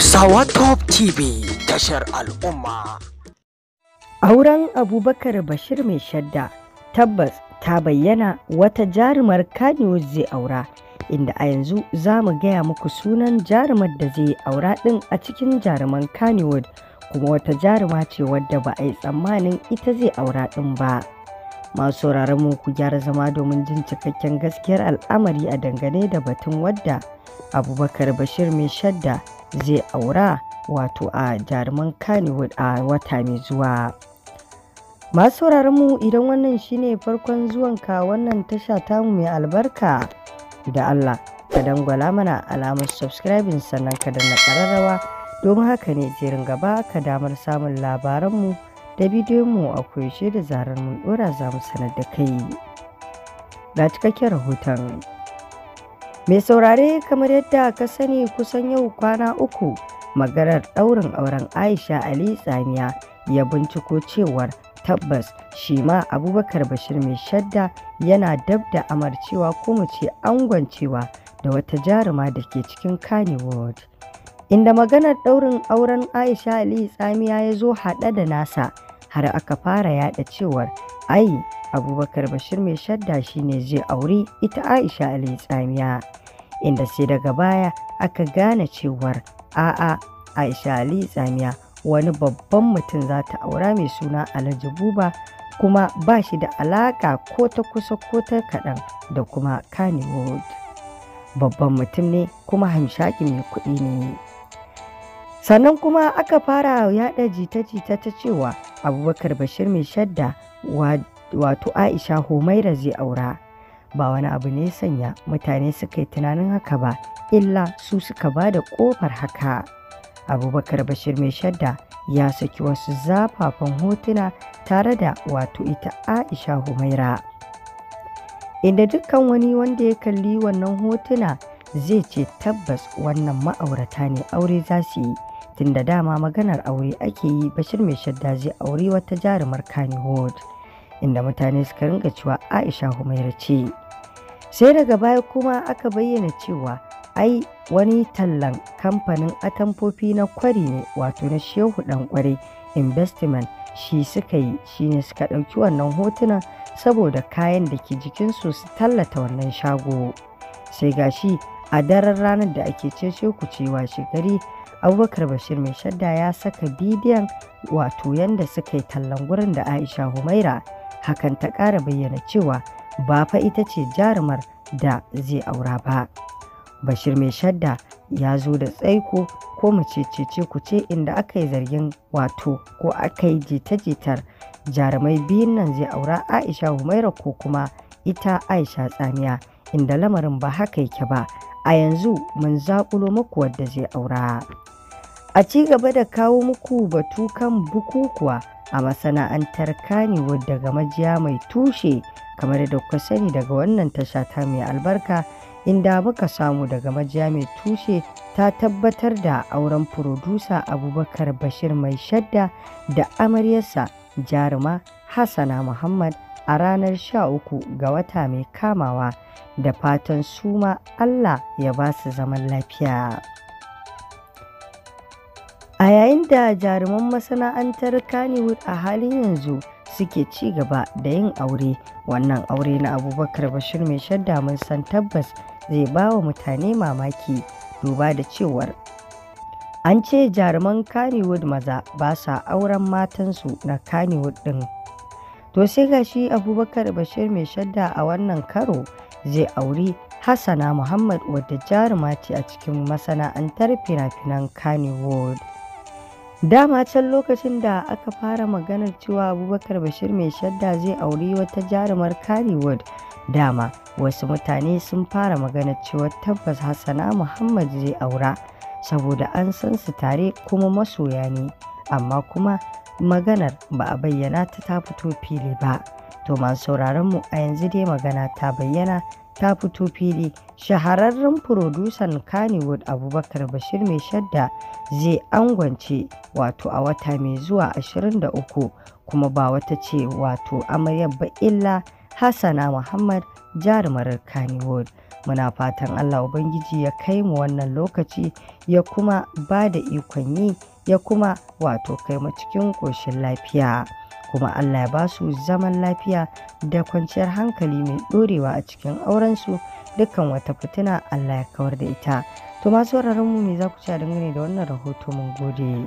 Hausawa Top TV tashar al'umma. Auren Abubakar Bashir mai shadda tabbas ta bayyana wata jarumar Kaniwood zai aura inda a yanzu za mu gaya muku sunan jarumar da zai aura ɗin a cikin jaruman Kannywood kuma wata jaruma ce wadda ba a yi tsammanin ita zai aura ɗin ba. Masu mu ku gyara zama domin jin cikakken gaskiyar al'amari a dangane da batun wadda. abubakar bashir mai shadda zai aura wato a jaruman kannywood a wata mai zuwa masu mu idan wannan shine farkon zuwanka wannan tasha tamu mai albarka da allah ka dangwala mana alamar subscribing sannan ka da kararrawa domin haka ne jerin gaba ka damar samun labaranmu da bidiyonmu a koyaushe da zarar mun dora za mu sanar da kai ga cikakken rahoton Mai saurare kamar yadda ka sani kusan yau kwana uku maganar ɗaurin auren Aisha Ali Tsamiya ya binciko cewar tabbas shi ma Abubakar Bashir mai shadda yana dab da amarcewa ko mu ce angwancewa da wata jaruma da ke cikin Kani World. Inda maganar ɗaurin auren Aisha Ali Tsamiya ya zo haɗe da nasa har aka fara yaɗa cewar Ai, Abubakar Bashir mai shadda shi ne zai aure ita Aisha Ali Tsamiya, inda sai daga baya aka gane cewar a'a Aisha Ali Tsamiya wani babban mutum za ta aura mai suna Alhaji Buba kuma ba shi da alaƙa ko ta kusa ko ta kaɗan da kuma Kannywood. Babban mutum ne kuma hamshaki mai kuɗi ne. sannan kuma aka fara yada jita-jita ta cewa abubakar bashir mai shadda wato aisha homaira zai aura ba wani abu ne sanya mutane suka yi tunanin haka ba illa su suka ba da kofar haka abubakar bashir mai shadda ya saki wasu zafafan hotuna tare da wato ita aisha humaira inda dukkan wani wanda ya kalli wannan hotuna zai ce tabbas wannan ma'aurata ne aure za su yi da dama maganar aure ake yi bashir mai shadda zai aure wata jarumar kani hood inda mutane suka ringa cewa aisha humaira ce sai daga baya kuma aka bayyana cewa ai wani tallan kamfanin atamfofi na kwari ne wato na shehu dan kwarai investment shi suka yi shi ne suka ɗauki wannan hotuna saboda kayan da ke jikinsu su tallata wannan shago sai gashi a daren ranar da ake cece ku cewa shekari abubakar bashir mai shadda ya saka bidiyon wato yadda suka yi tallan gurin da aisha humaira hakan ta ƙara bayyana cewa ba fa ita ce jarumar da zai aura ba bashir mai shadda ya zo da tsaiko ko mace ce ku ce inda aka yi zargin wato ko aka yi jita-jitar jarumai biyun nan zai aura aisha humaira ko kuma ita aisha tsamiya inda lamarin ba haka yake ba a yanzu mun zaƙulo muku wadda zai aura. A ci gaba da kawo muku batu kan bukukuwa a masana'antar wadda daga majiya mai tushe kamar da kuka sani daga wannan tasha ta mai albarka inda muka samu daga majiya mai tushe ta tabbatar da auren furodusa Abubakar Bashir mai shadda da amaryarsa jaruma Hassana Muhammad a ranar sha uku ga wata mai kamawa da fatan su ma Allah ya ba su zaman lafiya. A yayin da jaruman masana'antar Kannywood a halin yanzu suke ci gaba da yin aure, wannan aure na Abubakar Bashir mai shadda mun san tabbas zai ba wa mutane mamaki duba da cewar an ce jaruman Kannywood maza ba sa auren matansu na Kannywood ɗin. To sai ga shi Abubakar Bashir mai shadda a wannan karo zai auri Hassana Muhammad wadda jaruma ce a cikin masana'antar fina-finan Kannywood. Dama can lokacin da aka fara maganar cewa Abubakar Bashir mai shadda zai auri wata jarumar Kannywood dama wasu mutane sun fara maganar cewa tabbas Hassana Muhammad zai aura. saboda an san su tare kuma masoya ne amma kuma maganar ba a bayyana ta ta fito fili ba. To masu sauraron mu a yanzu dai magana ta bayyana ta fito fili shahararren furodusan Kannywood Abubakar Bashir mai shadda zai angwance wato a wata mai zuwa 23 kuma ba wata ce wato amarya ba illa Hassana Muhammad jarumar Kannywood. Muna fatan Allah Ubangiji ya kai mu wannan lokaci ya kuma ba da ikon yi ya kuma wato kai mu cikin ƙoshin lafiya kuma Allah ya ba su zaman lafiya da kwanciyar hankali mai ɗorewa a cikin aurensu dukkan wata fitina Allah ya kawar da ita to masu mu me za ku ci dangane da wannan rahoton mun gode